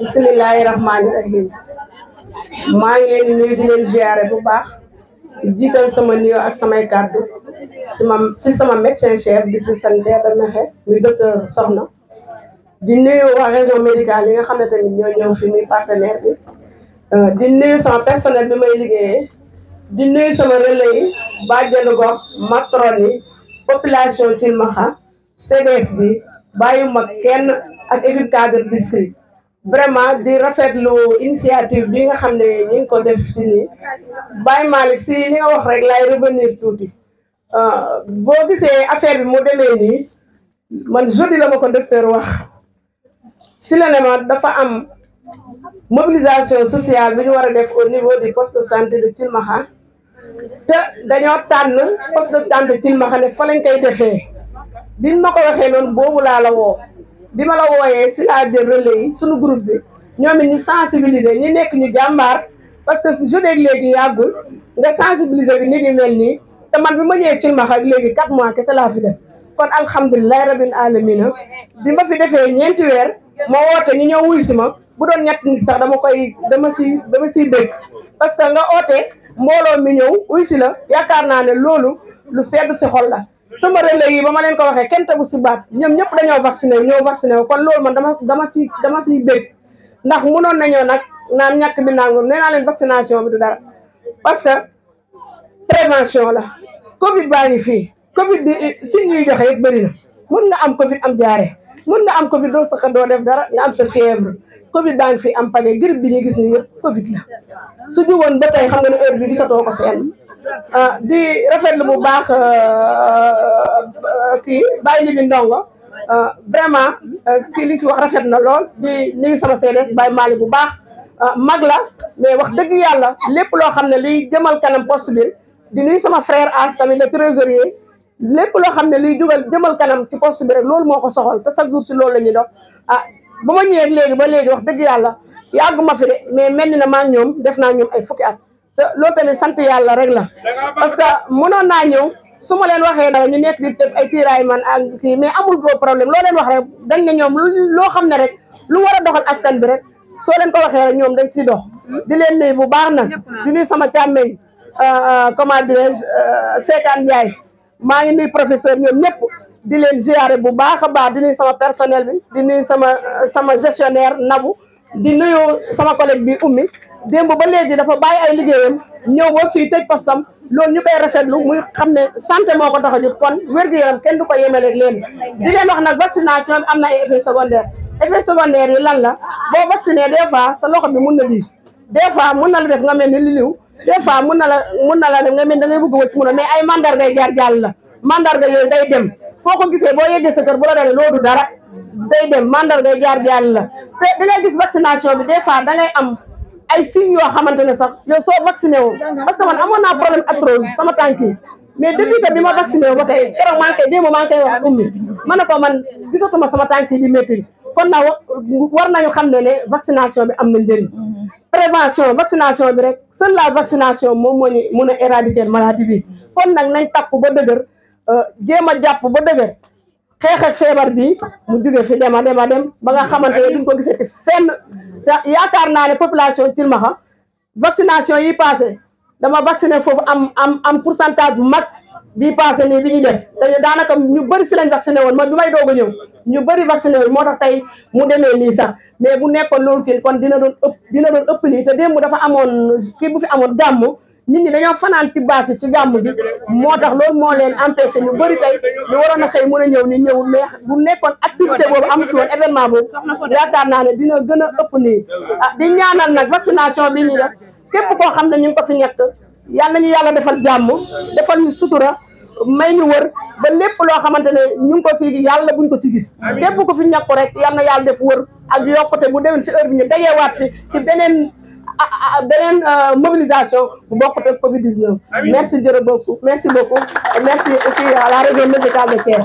bisimilahi rahmaani rahim maa ngi leen di leen ziare bu baax di sama nuyoo ak samay kàddu si ma si sama médecin chef district sanitaire de Mekhe muy docteur Soxna di nuyu waa région médicale yi nga xam ne tamit ñoo ñëw fi muy partenaire bi euh, di nuyu sama personnel bi may liggéeyee di nuyu sama relais yi bàjjenu gox matron yi population Tilmaxa CDS bi bàyyi ma kenn ak équipe cadre district vraiment di rafetlu initiative bi nga xam ne ñu ngi ko def si nii Baye Malick si li nga wax rek lay revenir tuuti euh, boo gisee affaire bi mu demee nii man jeudi la ma ko wax si la ne ma dafa am mobilisation sociale bi ñu war a def au niveau du poste de santé de Tilmaxa te dañoo tànn poste de santé Tilmaxa ne fa lañ koy defee biñ ma ko waxee noonu boobu laa la woo bi ma la wooyee si laa jël relais yi suñu groupe bi ñoom it ñu sensibiliser ñi nekk ñu jàmbaar parce que je dégg léegi yàggul nga sensibiliser bi nit yi mel nii te man bi ma ñëwee Thilmakha ak léegi 4 mois kese laa fi def kon alhamdulilah rabil alamina bi ma fi defee ñeenti weer ma woote ñu ñëw wuy si ma bu doon ñett nit sax dama koy dama si dama siy dégg parce que nga oote mbooloo mi ñëw wuy si la yaakaar naa ne loolu lu sedd si xol la. sama relais yi ba ma leen ko waxee kenn tegu si baat ñoom ñëpp dañoo vacciné wu ñoo vacciné wu kon loolu ma dama dama si dama siy bég ndax munoon nañoo nag naan ñàkk bi nangam nee naa leen vaccination bi du dara parce que prévention la covid baa ngi fii covid bi si ñuy joxe yëpp bëri na mun nga am covid am jaare mun nga am covid doo sax doo def dara nga am sa fièvre covid baa ngi fii am panier grippe bi ñu gis ni yëpp covid la su jugoon ba tey xam nga ne heure Ah, di rafetlu bu baax ah, ah, kii bàyyi li bi ndongo vraiment kii li ñu fi wax rafet na lool di nuyu sama CDS bàyyi Malick bu baax mag la mais wax dëgg yàlla lépp loo xam ne liy jëmal kanam poste bi di nuyu sama frère As tamit le trésorier lépp loo xam ne liy dugal jëmal kanam ci poste bi rek loolu moo ko soxal te chaque jour si loolu la ñuy dox ah bu léegi ba léegi wax dëgg yàlla yàggu ma fi de mais mel ni na maa ñoom def naa ñoom ay fukki at te loolu tamit sant yàlla rek la parce que mënoon naa ñëw su ma leen waxee dara ñu nekk di def ay tiiraay man ak kii mais amul boo problème loo leen wax rek dañ ne ñoom loo xam ne rek lu war a doxal askan bi rek soo leen ko waxee rek ñoom dañ si dox di leen nuyu bu baax na di nuyu sama càmmeñ euh, euh, comment dirais-je euh, Seekaan Ndiaye maa ngi nuyu professeur ñoom ñëpp di leen ziare bu baax a baax di nuyu sama personnel bi di nuyu sama sama gestionnaire nabu di nuyu sama collègue bi Oumy démb ba léegi dafa bàyyi ay liggéeyam ñëw ba fii tëj postam loolu ñu koy lu muy xam ne sante moo ko tax a jóg kon wér-gu-yaram kenn du ko yemale ak leen di leen wax nag vaccination bi am na ay effets secondaires effets secondaires yi lan la boo vacciné des fois sa loxo bi mun na diis des fois mun na la def nga mel ni liliw des fois mun na la mun na la def nga mel ni da ngay bëgg wëcc mun a mais ay mandargay jaar jàll la mandarga yooyu day dem foo ko gisee boo yeggee sa kër bu la dalee loodu dara day dem mandargay jaar jàll la te da ngay gis vaccination bi des fois da ngay am ay signes yoo xamante ne sax yow soo vacciné wu parce que man amoon naa problème arthrose sama tànk mais depuis que ma vacciné wu ba tey keroog maa ngi koy démb maa ngi wax ummi ma ne ko man gisatuma sama tànk yi di métti kon naa war nañu xam ne ne vaccination bi am na njëriñ mm-hmm. prévention vaccination bi rek seule la vaccination moom moo ñu mun a éradiquer maladie bi kon nag nañ takku ba dëgër euh, jéem a jàpp ba dëgër xeex feebar bi mu jóge fi dema dema dem ba nga xamante ne duñ ko gisati fenn te yaakaar naa ne population Tilmaxa vaccination yi passé dama vacciné foofu am am am pourcentage bu mag bi passé nii bi ñuy def te daanaka ñu bëri si lañ vacciné woon man du may doog a ñëw ñu bëri vacciné moo tax tey mu demee nii sax mais bu nekkoon loolu kii kon dina doon ëpp dina doon ëpp nii te démb dafa amoon kii bu fi amoon gàmmu nit ñi dañoo fanaan ci baas yi ci gàmm bi moo tax loolu moo leen empêché ñu bëri tey ñu waroon a xëy mën a ñëw ni ñëwul mais bu nekkoon activité boobu am ci woon événement boobu yaakaar naa ne dina gën a ëpp nii ah di ñaanal nag vaccination bi ñuy def képp koo xam ne ñu ngi ko fi ñett yàlla nañu yàlla defal jàmm defal ñu sutura may ñu wër ba lépp loo xamante ne ñu ko si yàlla buñ ko ci gis képp ku fi ñàkk rek yàlla na yàlla def wër ak yokkute bu déwén si heure bi ñu waat fi ci beneen beneen euh, mobilisation bu bokkut ak Covid 19. Ah merci jërë beaucoup merci beaucoup merci aussi à la région musicale de Thiès.